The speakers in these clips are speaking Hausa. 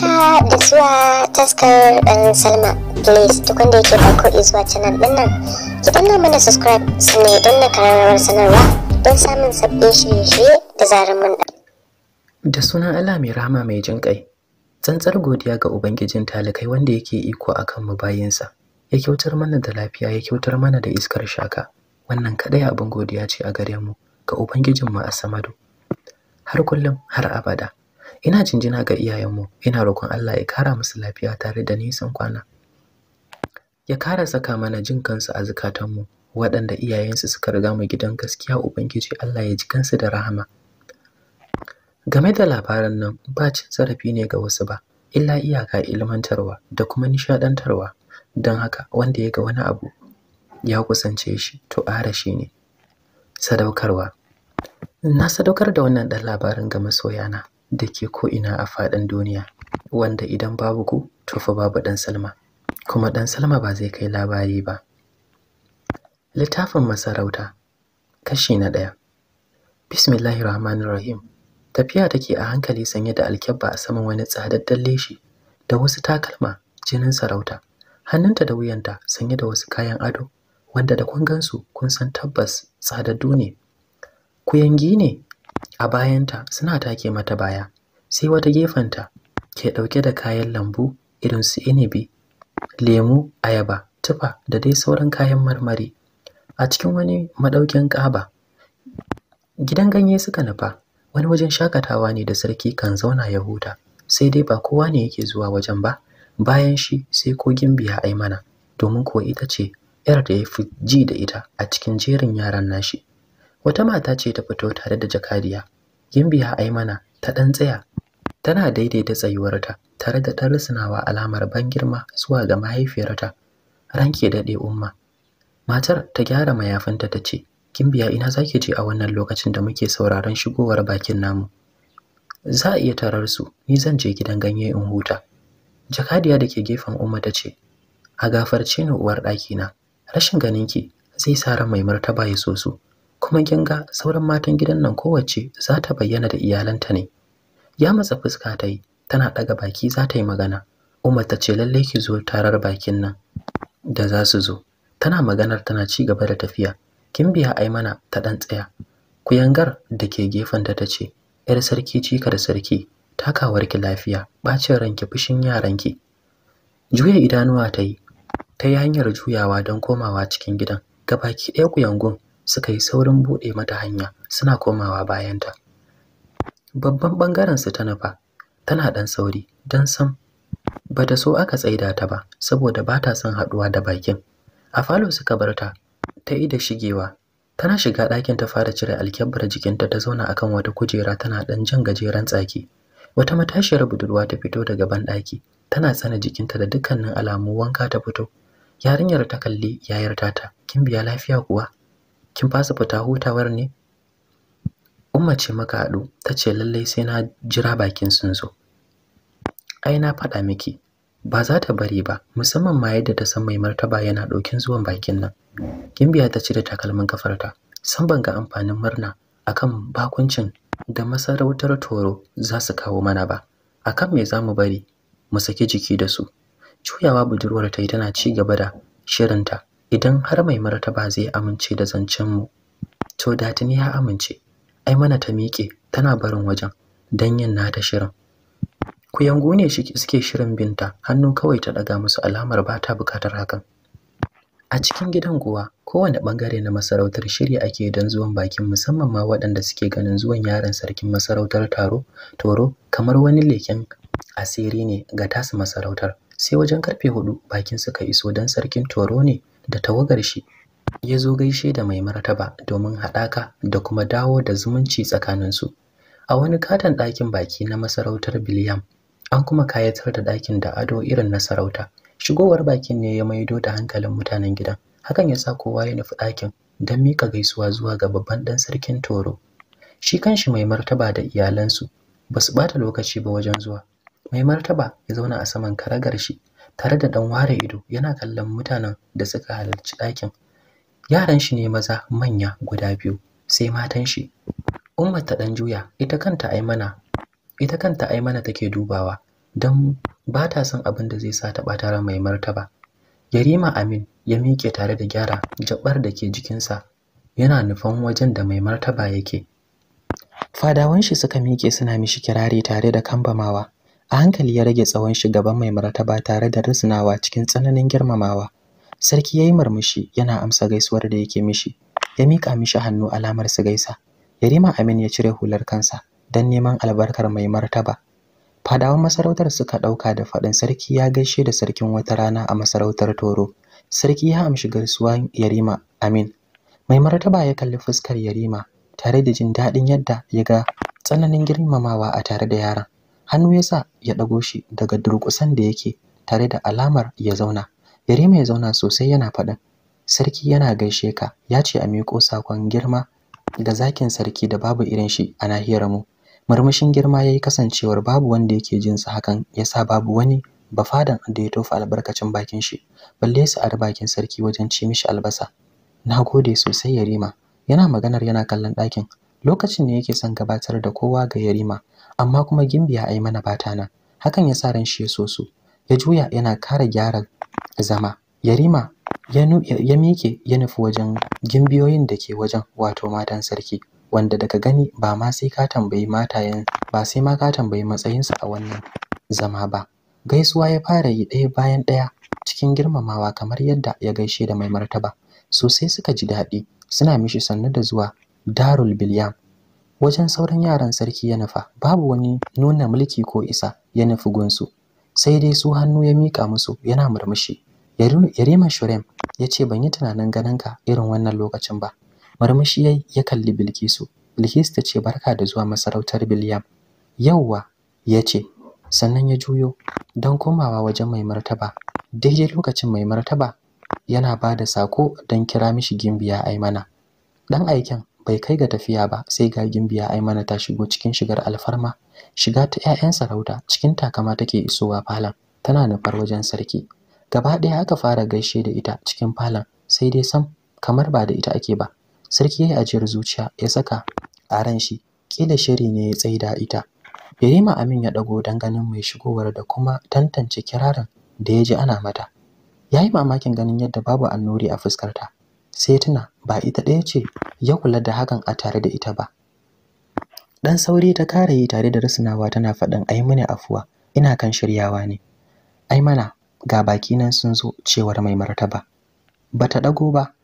haka ah, da zuwa taskar ɗan um, salma please duk wanda yake farko izuwa canal ɗin nan ki danna mana subscribe sannan don na kararrawar sanarwa don samun sabbin shirye-shirye da zarar mun da sunan allah mai rahama mai jin kai tsantsar godiya ga ubangijin talikai wanda yake iko akan mu bayinsa ya kyautar mana da lafiya ya kyautar mana da iskar shaka wannan kadai abin godiya ce a gare mu ga ubangijinmu a samadu har kullum har abada ina jinjina ga iyayenmu ina roƙon Allah ya kara musu lafiya tare da nisan kwana ya kara saka mana jin kansu a zukatanmu waɗanda iyayensu suka riga mu gidan gaskiya ubangiji Allah ya ji kansu da rahama game da labaran nan ba cin zarafi ne ga wasu ba illa iyaka ilmantarwa da kuma nishadantarwa don haka wanda ya ga wani abu ya kusance shi to ara shi ne sadaukarwa na sadaukar da wannan ɗan labarin ga masoyana da ke ko'ina a faɗin duniya wanda idan babu ku to fa babu ɗan salma kuma ɗan salma ba zai kai labari ba littafin masarauta kashi na ɗaya bismillahir rahmanir rahim tafiya take a hankali sanye da alkyabba a saman wani tsadaddan leshi da wasu takalma jinin sarauta hannunta da wuyanta sanye da wasu kayan ado wanda da kun gansu kun san tabbas tsadaddu ne kuyangi ne a bayanta suna take mata baya sai wata gefenta ke ɗauke da kayan lambu irin su inibi lemu ayaba tufa da dai sauran kayan marmari a cikin wani maɗaukin ƙaba gidan ganye suka nufa wani wajen shakatawa ne da sarki kan zauna ya huta sai dai ba kowa ne yake zuwa wajen ba bayan shi sai kogin biya aimana domin ko ita ce yar da ya fi ji da ita a cikin jerin yaran nashi wata mata ce ta fito tare da jakadiya gimbiya aimana ta ɗan tsaya tana daidaita tsayuwarta tare da ɗan risinawa alamar ban girma zuwa ga mahaifiyarta ranke daɗe umma matar ta gyara mayafinta ta ce gimbiya ina zaki je a wannan lokacin da muke sauraron shigowar bakin namu za a iya tarar su ni zan je gidan ganye in huta jakadiya da ke gefen umma ta ce a gafarce ni uwar ɗakina rashin ganinki zai sa ran mai martaba ya so su kuma kin sauran matan gidan nan kowace za ta bayyana da iyalanta ne ya matsa fuska ta yi tana daga baki za ta yi magana umar ta ce lallai ki zo tarar bakin nan da za su zo tana maganar tana ci gaba da tafiya kin biya ai mana ta ɗan tsaya kuyangar da ke gefen ta ce yar sarki cikar sarki takawarki lafiya ɓacin ranki fushin yaranki juya idanuwa ta yi ta yi hanyar juyawa don komawa cikin gidan gabaki ɗaya kuyangun suka yi saurin buɗe mata hanya suna komawa bayanta. Babban ɓangarensu ta nufa, tana ɗan sauri don sam ba ta so aka tsaida ta ba saboda ba ta son haɗuwa da bakin. A falo suka bar ta, ta ida shigewa. Tana shiga ɗakin ta fara cire alkyabbar jikinta ta zauna akan wata kujera tana ɗan jan gajeren tsaki. Wata matashiyar budurwa ta fito daga banɗaki, tana tsana jikinta da dukkanin alamu wanka ta fito. Yarinyar ta kalli yayar tata, kin biya lafiya kuwa? kin fasa fita hutawar ne umma ce maka haɗu ta ce lallai sai na jira bakin sun zo ai na faɗa miki ba za ta bari ba musamman ma yadda ta san mai martaba yana ɗaukin zuwan bakin nan gimbiya ta da takalmin kafarta san ban ga amfanin murna akan bakuncin da masarautar toro za su kawo mana ba akan me za mu bari mu saki jiki da su Cuyawa budurwar ta yi tana ci gaba da shirinta idan har mai martaba zai amince da zancen mu to da tuni ya amince ai mana ta miƙe tana barin wajen dan yin nata shirin Ku yango ne suke shirin binta hannu kawai ta daga musu alamar ba ta bukatar hakan a cikin gidan kuwa kowane bangare na masarautar shiri ake don zuwan bakin musamman ma waɗanda suke ganin zuwan yaron sarkin masarautar taro toro kamar wani leken asiri ne ga tasu masarautar sai wajen karfe hudu bakin suka iso don sarkin toro ne da tawagar shi ya zo gaishe da mai martaba domin haɗaka da kuma dawo da zumunci tsakaninsu a wani katon ɗakin baki na masarautar biliyam an kuma kayatar da ɗakin da ado irin na sarauta shigowar bakin ne ya maido da hankalin mutanen gidan hakan ya sa kowa ya nufi ɗakin don mika gaisuwa zuwa ga babban ɗan sarkin toro shi kanshi mai martaba da iyalansu ba su ɓata lokaci ba wajen zuwa mai martaba ya zauna a saman karagar shi tare da ɗan ware ido yana kallon mutanen da suka halarci ɗakin yaran shi ne maza manya guda biyu sai matan shi ummar ta ɗan juya ita kanta aimana ita kanta aimana take dubawa don ba ta son abin da zai sa ta ɓata ran mai martaba yarima amin ya miƙe tare da gyara jabar da ke jikinsa yana nufan wajen da mai martaba yake fadawan shi suka miƙe suna mishi kirari tare da kambamawa A hankali ya rage tsawon shi gaban mai martaba tare da rusunawa cikin tsananin girmamawa. Sarki ya yi murmushi yana amsa gaisuwar da yake mishi. Ya miƙa mishi hannu alamar su gaisa. Yarima Amin ya cire hular kansa don neman albarkar mai martaba. Fadawan masarautar suka ɗauka da faɗin sarki ya gaishe da sarkin wata rana a masarautar Toro. Sarki ya amshi gaisuwan Yarima Amin. Mai martaba ya kalli fuskar Yarima tare da jin daɗin yadda ya ga tsananin girmamawa a tare da yaran. hannu ya sa ya ɗago shi daga durƙusan da yake tare da alamar ya zauna yarima ya zauna sosai yana faɗin sarki yana gaishe ka ya ce a miƙo sakon girma ga zakin sarki da babu irin shi a nahiyar mu murmushin girma ya yi kasancewar babu wanda yake jin sa hakan ya sa babu wani bafadan da ya tofa albarkacin bakin shi balle su ar bakin sarki wajen ci mishi albasa na gode sosai yarima yana maganar yana kallon ɗakin lokacin ne yake son gabatar da kowa ga yarima amma kuma gimbiya ai mana bata nan hakan ya sa ran shi ya so su. ya juya yana kara gyara zama yarima ya ya mike ya nufi wajen gimbiyoyin da ke wajen wato matan sarki wanda daga gani ba ma sai ka tambayi matayen ba sai ma ka tambayi matsayinsu a wannan zama ba gaisuwa ya fara yi ɗaya bayan ɗaya cikin girmamawa kamar yadda ya gaishe da mai martaba sosai suka ji daɗi suna mishi sannu da zuwa darul bilyam wajen sauran yaran sarki ya nufa babu wani nuna mulki ko isa ya nufi gunsu sai dai su hannu ya mika musu yana murmushi yarima shurem ya ce ban yi tunanin ganin ka irin wannan lokacin ba murmushi ya, ya kalli bilkisu bilkisu ta ce barka da zuwa masarautar biliyam yauwa ya ce sannan ya juyo don komawa wajen mai martaba daidai lokacin mai martaba yana ba da sako don kira mishi gimbiya aimana ɗan aiken bai kai ga tafiya ba sai ga gimbiya aimana ta shigo cikin shigar alfarma shiga ta 'ya'yan sarauta cikin takama take isowa falon tana nufar wajen sarki gaba ɗaya aka fara gaishe da ita cikin falon sai dai sam kamar ba da ita ake ba sarki yayi ajiyar zuciya ya saka a ran shi kila shiri ne ya tsaida ita Yarima Amin ya dago dan ganin mai shigowar da kuma tantance kirarin da ya ji ana mata yayi mamakin ganin yadda babu annuri a fuskarta sai tuna ba ita ɗaya ce ya kula da hakan a tare da ita ba Ɗan sauri ta kare yi tare da rusunawa tana faɗin ai mune afuwa ina kan shiryawa ne ai mana ga baki nan sun zo cewar mai martaba Ba ta ɗago ba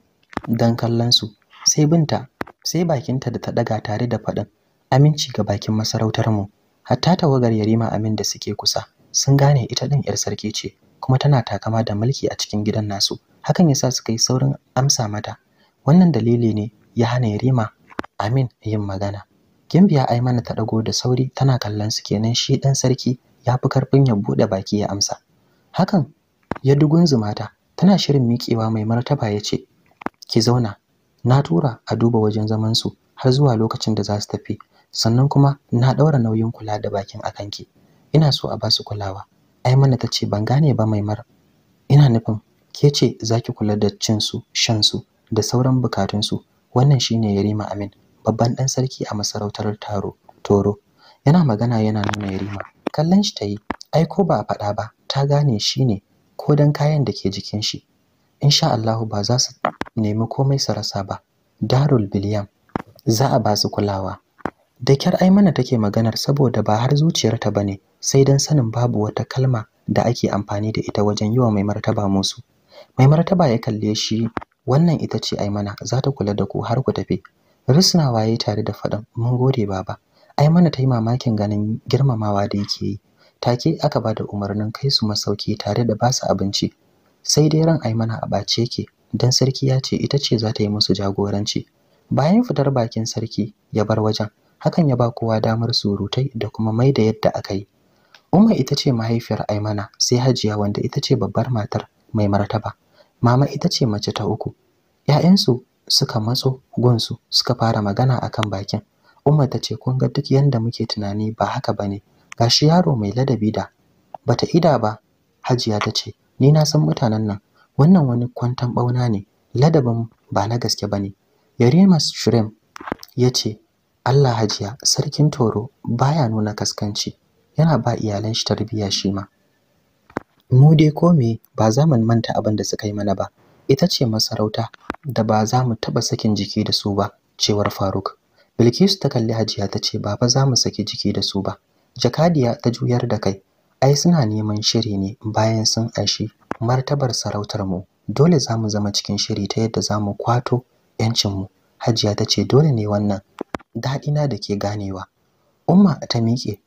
dan kallon su sai binta sai bakinta da ta ɗaga tare da faɗin aminci ga bakin masarautar mu hatta tawagar yarima amin da suke kusa sun gane ita din yar sarki ce kuma tana takama da mulki a cikin gidan nasu hakan yasa suka yi saurin amsa mata wannan dalili ne ya hana Yarima Amin yin magana Gimbiya ai mana ta dago da sauri tana kallon su kenan shi dan sarki ya fi karfin ya bude baki ya amsa hakan ya dugunzuma ta tana shirin miƙewa mai martaba ya ce ki zauna na tura a duba wajen zaman su har zuwa lokacin da za su tafi sannan kuma na ɗaura nauyin kula da bakin akanki ina so a ba su kulawa ai mana ce ban gane ba Maimar. Ina nufin ke ce za kula da cin su, shan su da sauran bukatun su. Wannan shine Yarima Amin, babban dan sarki a masarautar Taro, Toro. Yana magana yana nuna Yarima. Kallon shi ta yi, ai ko ba a faɗa ba, ta gane shine ko dan kayan da ke jikin shi. Insha Allahu ba za su nemi komai su rasa ba. Darul Biliyam za a ba su kulawa. Da kyar Aimana take maganar saboda ba har zuciyarta bane sai dan sanin babu wata kalma da ake amfani da ita wajen yiwa mai martaba musu mai martaba ya kalle shi wannan ita ce aimana za ta kula da ku har ku tafi ya yi tare da faɗan mun gode baba aimana ta yi mamakin ganin girmamawa da yake yi take aka bada umarnin kai su masauki tare da basu abinci sai dai ran aimana a ɓace yake dan sarki ya ce ita ce za ta yi musu jagoranci bayan fitar bakin sarki ya bar wajen hakan ya ba kowa damar surutai da kuma mai da yadda aka yi Umma ita ce mahaifiyar Aimana, sai Hajiya wanda ita ce babbar matar mai martaba. Mama ita ce mace ta uku. ‘Ya'yansu suka matso gunsu suka fara magana akan bakin. Umar ta ce kun ga duk yanda muke tunani ba haka bane. Gashi yaro mai ladabi da bata ida ba. Hajiya ta ce ni na san mutanen nan. Wannan wani kwantan ɓauna ne. Ladabin ba na gaske bane. Yarima Shrem ya ce Allah hajiya sarkin toro baya nuna kaskanci. yana ba iyalan shi tarbiyya shi ma mu dai ko me ba za mu manta abin da suka yi mana ba ita ce masarauta da ba za mu taɓa sakin jiki da su ba cewar Faruk Bilkisu ta kalli Hajiya ta ce baba za mu saki jiki da su ba Jakadiya ta juyar da kai ai suna neman shiri ne bayan sun aishi martabar sarautar mu dole za mu zama cikin shiri ta yadda za mu kwato mu hajiya ta ce dole ne wannan daɗina da ke ganewa umma ta miƙe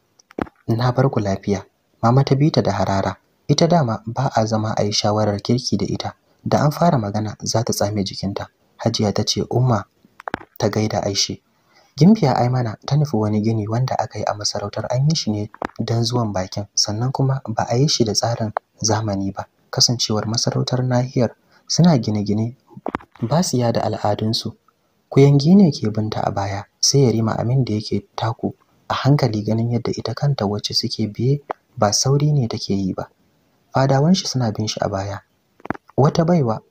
na bar ku lafiya mama ta bita da harara ita dama ba a zama a yi shawarar kirki da ita da an fara magana za ta tsame jikinta hajiya ta ce umma ta gaida aishi gimbiya aimana ta nufi wani gini wanda aka yi a masarautar an yi shi ne don zuwan bakin sannan kuma ba a yi shi da tsarin zamani ba kasancewar masarautar nahiyar suna gine-gine ba su yada al'adunsu kuyangi ne ke binta a baya sai ya rima amin da yake taku a hankali ganin yadda ita kanta wacce suke biye ba sauri ne take yi ba fadawan shi suna bin shi a baya wata baiwa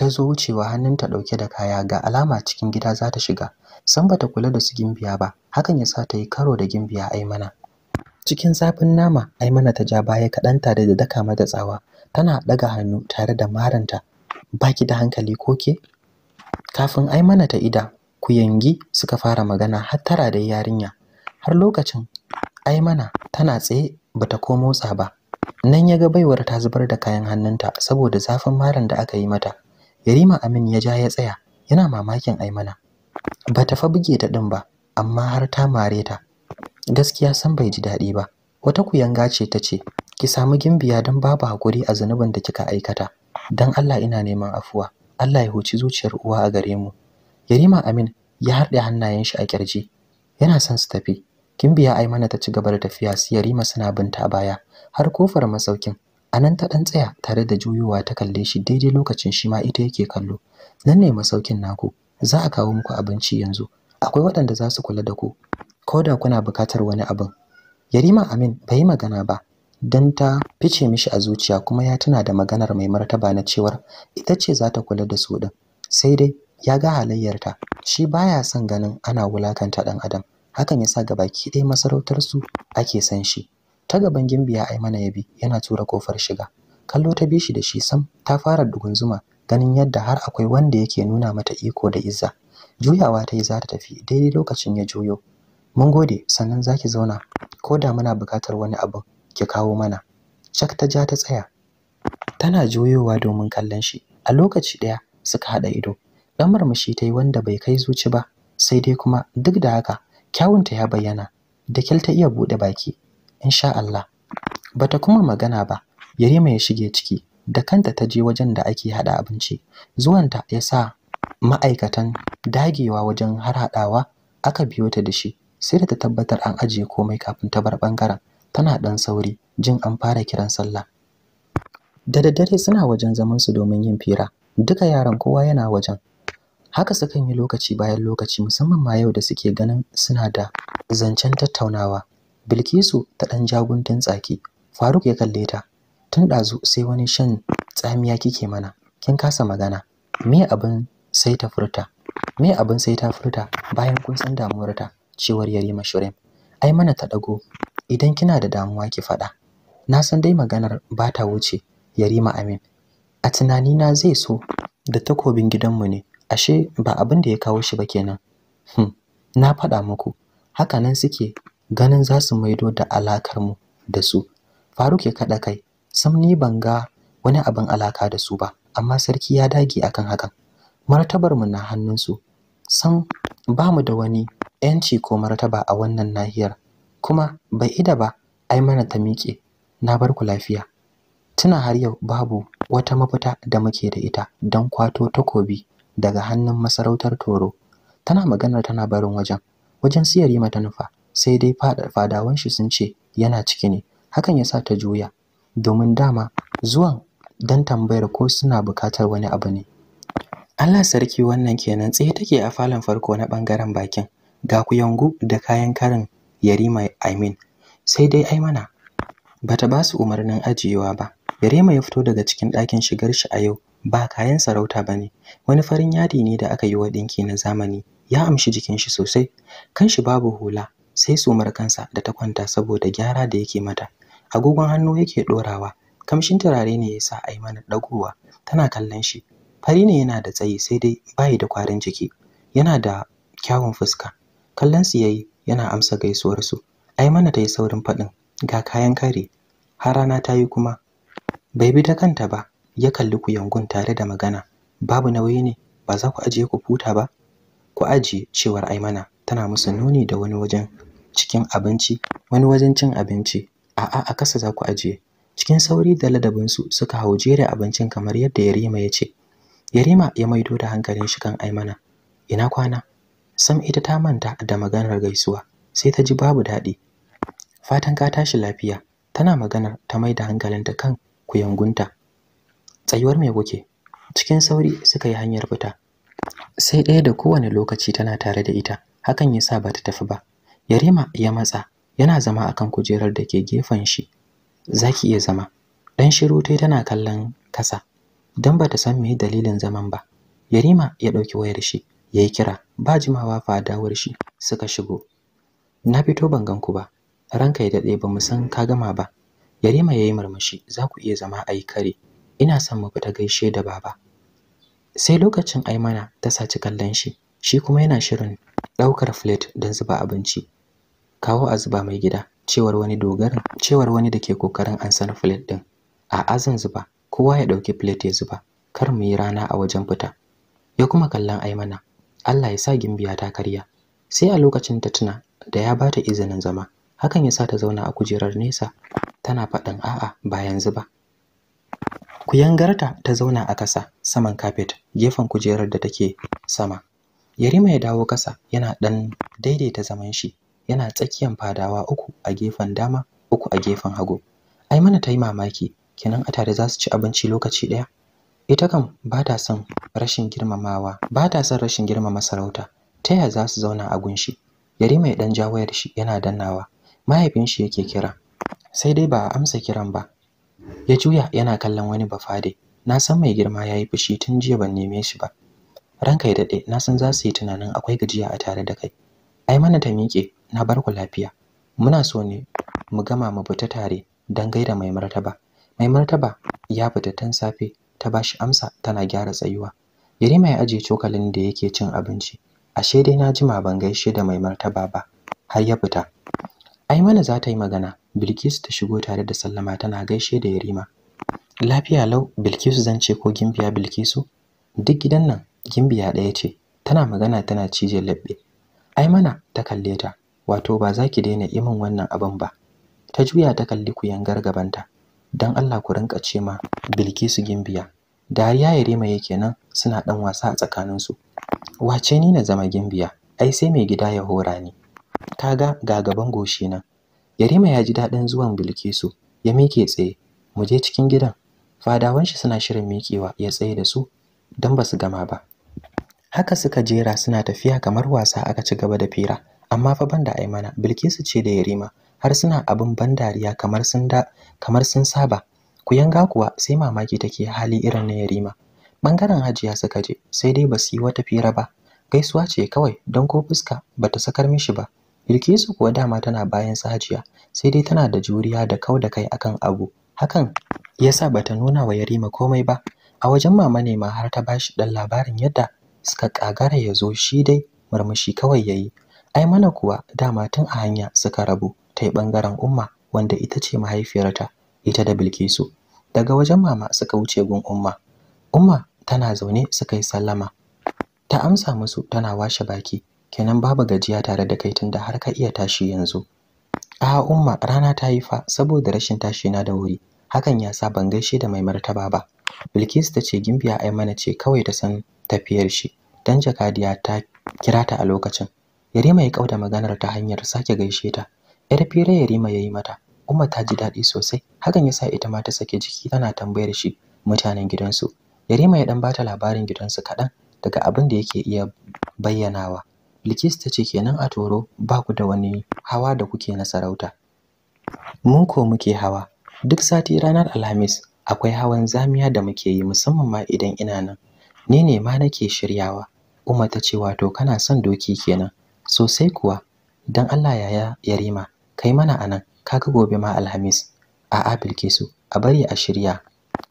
ta zo wucewa hannunta dauke da kaya ga alama cikin gida za ta shiga san bata kula da su gimbiya ba hakan ya sa ta yi karo da gimbiya aimana cikin zafin nama aimana ta ja baya kaɗan tare da daka mata tsawa tana ɗaga hannu tare da maranta baki da hankali ko ke kafin aimana ta ida kuyangi suka fara magana har tara da yarinya har lokacin aimana tana tsaye ba ta ko motsa ba nan ya ga baiwar ta zubar da kayan hannunta saboda zafin marin da aka yi mata yarima amin ya ja ya tsaya yana mamakin ai aimana ta fa buge ta din ba amma har ta mare ta gaskiya san bai ji daɗi ba wata kuyanga ce ta ce ki samu gimbiya don babu hakuri a zunubin da kika aikata don Allah ina neman afuwa Allah ya huci zuciyar uwa a gare mu yarima amin ya harɗe hannayen shi a kirji yana son su tafi Kin biya ai mana ta ci gaba da tafiya su Yarima suna binta a baya har kofar masaukin. A nan ta ɗan tsaya tare da juyowa ta kalle shi daidai lokacin shi ma ita yake kallo. Nan ne masaukin naku, za a kawo muku abinci yanzu. Akwai waɗanda za su kula da ku, ko da kuna buƙatar wani abin. Yarima Amin bai magana ba, dan ta fice mishi a zuciya kuma ya tuna da maganar mai martaba na cewar ita ce za ta kula da su din. Sai dai ya ga halayyarta, shi baya son ganin ana wulakanta ɗan adam. hakan yasa gabaki ɗaya masarautar su ake san shi ta gaban gimbiya mana ya bi yana tura kofar shiga kallo ta bishi da shi sam ta fara zuma. ganin yadda har akwai wanda yake nuna mata iko da izza juyawa ta yi za ta tafi daidai lokacin ya juyo mun gode sannan zaki zauna ko da muna buƙatar wani abu, ki kawo mana shak ta ja ta tsaya tana juyowa domin kallon shi a lokaci ɗaya suka haɗa ido ɗan murmushi ta yi wanda bai kai zuci ba sai dai kuma duk da haka kyawunta ya bayyana da kyal ta iya buɗe baki insha Allah bata kuma magana ba Yarima ya shige ciki da kanta ta je wajen da ake hada abinci zuwanta ya sa ma'aikatan dagewa wajen har harhaɗawa aka biyo ta da shi sai da ta tabbatar an ajiye komai kafin ta bar bangaren tana dan sauri jin an fara kiran sallah da daddare suna wajen zaman su domin yin fira duka yaran kowa yana wajen haka sukan yi lokaci bayan lokaci musamman ma yau da suke ganin suna da zancen tattaunawa bilkisu ta ɗan jaguntun tsaki faruk ya kalle ta tun ɗazu sai wani shan tsamiya kike mana kin kasa magana me abin sai ta furta me abin sai ta furta bayan kun san damuwar ta, cewar yarima shirin ai mana ta ɗago idan kina da damuwa ki faɗa na san dai maganar ba ta wuce yarima amin a tunanina zai so da takobin gidanmu ne ashe ba abin da ya kawo shi ba kenan hmm. na faɗa muku hakanan suke ganin za su maido da alakar mu da su faruk ya kaɗa kai sam ni ban ga wani abin alaka da su ba amma sarki ya dage akan hakan martabar mu na hannunsu sam ba mu da wani yanci ko martaba a wannan nahiyar kuma bai ida ba ai mana ta miƙe na bar ku lafiya tuna har yau babu wata mafita da muke da ita don kwato takobi daga hannun masarautar Toro. Tana maganar tana barin wajen. Wajen siyar yi mata nufa, sai dai fadawan shi sun ce yana ciki ne. Hakan ya sa ta juya, domin dama zuwan don tambayar ko suna bukatar wani abu ne. Allah sarki wannan kenan tsaye take a falon farko na bangaren bakin. Ga yangu da kayan karin Yarima Amin. Sai dai ai mana bata ba su umarnin ajiyewa ba. Yarima ya fito daga cikin ɗakin shigar shi a yau ba kayan sarauta bane wani farin yadi ne da aka yi wa dinki na zamani ya amshi jikin shi sosai kanshi babu hula sai sumar kansa da ta kwanta saboda gyara da yake mata agogon hannu yake dorawa kamshin turare ne yasa mana dagowa tana kallon shi fari ne yana da tsayi sai dai bayi da kwarin jiki yana da kyawun fuska kallon su yayi yana amsa gaisuwar su ai mana tayi saurin faɗin ga kayan kare har rana ta yi kuma bai bi ta kanta ba ya kalli kuyangun tare da magana babu nauyi ne ba za ku ajiye ku huta ba ku ajiye cewar aimana tana musu nuni da wani wajen cikin abinci wani wajen cin abinci a'a a kasa za ku ajiye cikin sauri da ladabinsu suka hau jere abincin kamar yadda yarima ya ce yarima ya maido da hankalin shi kan aimana ina kwana sam ita ta manta da maganar gaisuwa sai ta ji babu daɗi fatan ka tashi lafiya tana maganar ta mai da hankalinta kan kuyangunta tsayuwar me kuke cikin sauri suka yi hanyar fita sai ɗaya da kowane lokaci tana tare da ita hakan ya sa ba ta tafi ba yarima ya matsa yana zama a kan kujerar da ke gefen shi Za ki iya zama Ɗan shiru tai tana kallon kasa Don ba ta san me dalilin zaman ba yarima ya ɗauki wayar shi ya yi kira ba jimawa fa shi suka shigo na fito ban gan ku ba ranka ya daɗe ba mu san ka gama ba yarima ya yi murmushi za ku iya zama a yi kare ina son mu fita gaishe da baba sai lokacin aimana ta saci kallon shi shi kuma yana shirin ɗaukar plate don zuba abinci kawo a zuba mai gida cewar wani dogarin cewar wani da ke kokarin an san plate din a azan zuba kowa ya ɗauki plate ya zuba kar mu yi rana a wajen fita ya kuma kallon aimana Allah ya sa gimbiya ta karya sai a lokacin ta tuna da ya bata izinin zama hakan ya sa ta zauna a kujerar nesa tana faɗin a'a bayan zuba yangarta ta zauna a ƙasa, saman kafet gefen kujerar da take sama yarima ya dawo ƙasa yana ɗan daidaita zaman shi yana tsakiyan fadawa uku a gefen dama uku a gefen hagu ai mana ta yi mamaki kenan a tare za su ci abinci lokaci ɗaya. ita kam ba ta son rashin girmamawa ba ta son rashin girmama sarauta ta yaya za su zauna a gunshi yarima ya dan ja wayar shi yana dannawa mahaifin shi yake kira sai dai ba a amsa kiran ba ya juya yana kallon wani bafade na san mai girma yayi fushi tun jiya ban neme shi ba ranka ya dade na san za su yi tunanin akwai gajiya a tare da kai ai mana ta miƙe na bar ku lafiya muna so ne mu gama mu fita tare dan gaida mai martaba mai martaba ya fita tun safe ta bashi amsa tana gyara tsayuwa yarima ya ajiye cokalin da yake cin abinci ashe dai na jima ban gaishe da mai martaba ba har ya fita ai mana za ta yi magana Bilkisu ta shigo tare da sallama tana gaishe da Yarima. Lafiya lau Bilkisu zan ce ko Gimbiya Bilkisu? Duk gidan nan Gimbiya ɗaya ce, tana magana tana cije laɓɓe. Ai mana ta kalle ta, wato ba za ki daina yi min wannan abin ba. Ta juya ta kalli ku kuyangar gabanta. Don Allah ku rinka ce ma Bilkisu Gimbiya. Dariya Yarima yake nan suna ɗan wasa a tsakaninsu. Wace ni na zama Gimbiya? Ai sai mai gida ya hora ni. Ka ga gaban goshi nan. Yarima ya ji daɗin zuwan Bilkisu, ya miƙe tsaye, mu je cikin gidan. Fadawan shi suna shirin miƙewa ya tsaye da su don ba su gama ba. Haka suka jera suna tafiya kamar wasa aka ci gaba da fira, amma fa banda mana, Bilkisu ce da Yarima har suna abin ban dariya kamar sun da kamar sun saba. yanga kuwa sai mamaki take hali irin na Yarima. Bangaren Hajiya suka je, sai dai ba su yi wata fira ba. Gaisuwa ce kawai don ko fuska bata sakar mishi ba. Bilkisu kuwa dama tana bayan sajiya, sai dai tana da juriya da kau da kai akan abu. Hakan ya sa bata nuna wa Yarima komai ba. A wajen mama ne ma har ta bashi ɗan labarin yadda suka ƙagara ya zo shi dai murmushi kawai ya yi. Ai mana kuwa dama tun a hanya suka rabu ta yi ɓangaren Umma wanda ita ce mahaifiyarta, ita da Bilkisu. Daga wajen mama suka wuce gun Umma. Umma tana zaune suka yi sallama. Ta amsa musu tana washe baki kenan babu gajiya tare da kai tunda har ka iya tashi yanzu a umma rana ta yi fa saboda rashin tashi na da wuri hakan ya sa ban gaishe da mai martaba ba bilkisu ta ce gimbiya ai mana ce kawai ta san tafiyar shi dan jakadiya ta kira ta a lokacin yarima ya kauda maganar ta hanyar sake gaishe ta yar fira yarima ya yi mata umma ta ji daɗi sosai hakan ya sa ita ma ta sake jiki tana tambayar shi mutanen gidansu yarima ya dan bata labarin gidansu kaɗan daga abin da yake iya bayyanawa Bilkisu ta ce kenan a toro ba ku da wani hawa da kuke na sarauta. Mun ko muke hawa, duk sati ranar Alhamis akwai hawan zamiya da muke yi musamman ma idan ina nan. Ni ne ma nake shiryawa. uma ta ce wato kana son doki kenan. Sosai kuwa, don Allah yaya Yarima, kai mana a anan, kaga gobe ma Alhamis. A'a Bilkisu, a bari a shirya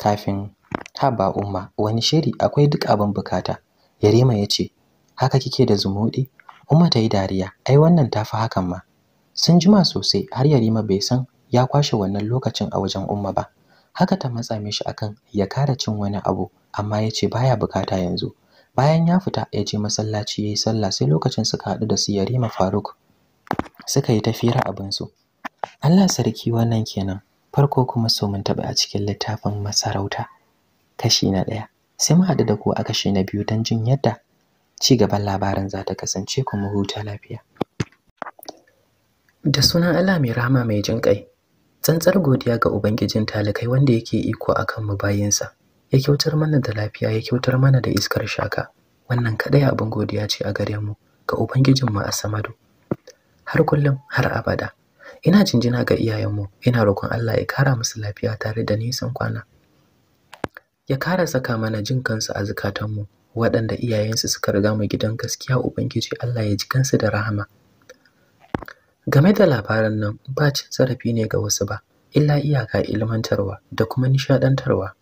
kafin haba umma wani shiri akwai duk abin bukata. Yarima ya ce, haka kike da zumuɗi? Uma ta yi dariya, ai wannan ta fi hakan ma. Sun jima sosai har Yarima bai san ya kwashe wannan lokacin a wajen Umma ba. Haka ta matsa mishi akan ya kara cin wani abu amma ya ce baya bukata yanzu. Bayan ya fita ya je masallaci ya yi sallah sai lokacin suka haɗu da su Yarima Faruk. Suka yi tafira abinsu. Allah sarki wannan kenan. Farko kuma so mun taɓa a cikin littafin masarauta. Kashi na ɗaya. Sai mu haɗu da ku a kashi na biyu don jin yadda ci gaban labarin za ta kasance kuma huta lafiya da sunan Allah mai rahama mai jin kai tsantsar godiya ga ubangijin talikai wanda yake iko akan mu bayinsa ya kyautar mana da lafiya ya kyautar mana da iskar shaka wannan kaɗai abin godiya ce a gare mu ga ubangijin mu a samadu har kullum har abada ina jinjina ga iyayenmu ina roƙon Allah ya kara musu lafiya tare da nisan kwana ya kara saka mana jin kansu a mu. waɗanda iyayensu suka riga mu gidan gaskiya ubangiji Allah ya ji kansu da rahama game da labaran nan ba cin zarafi ne ga wasu ba illa iyaka ilmantarwa da kuma nishaɗantarwa.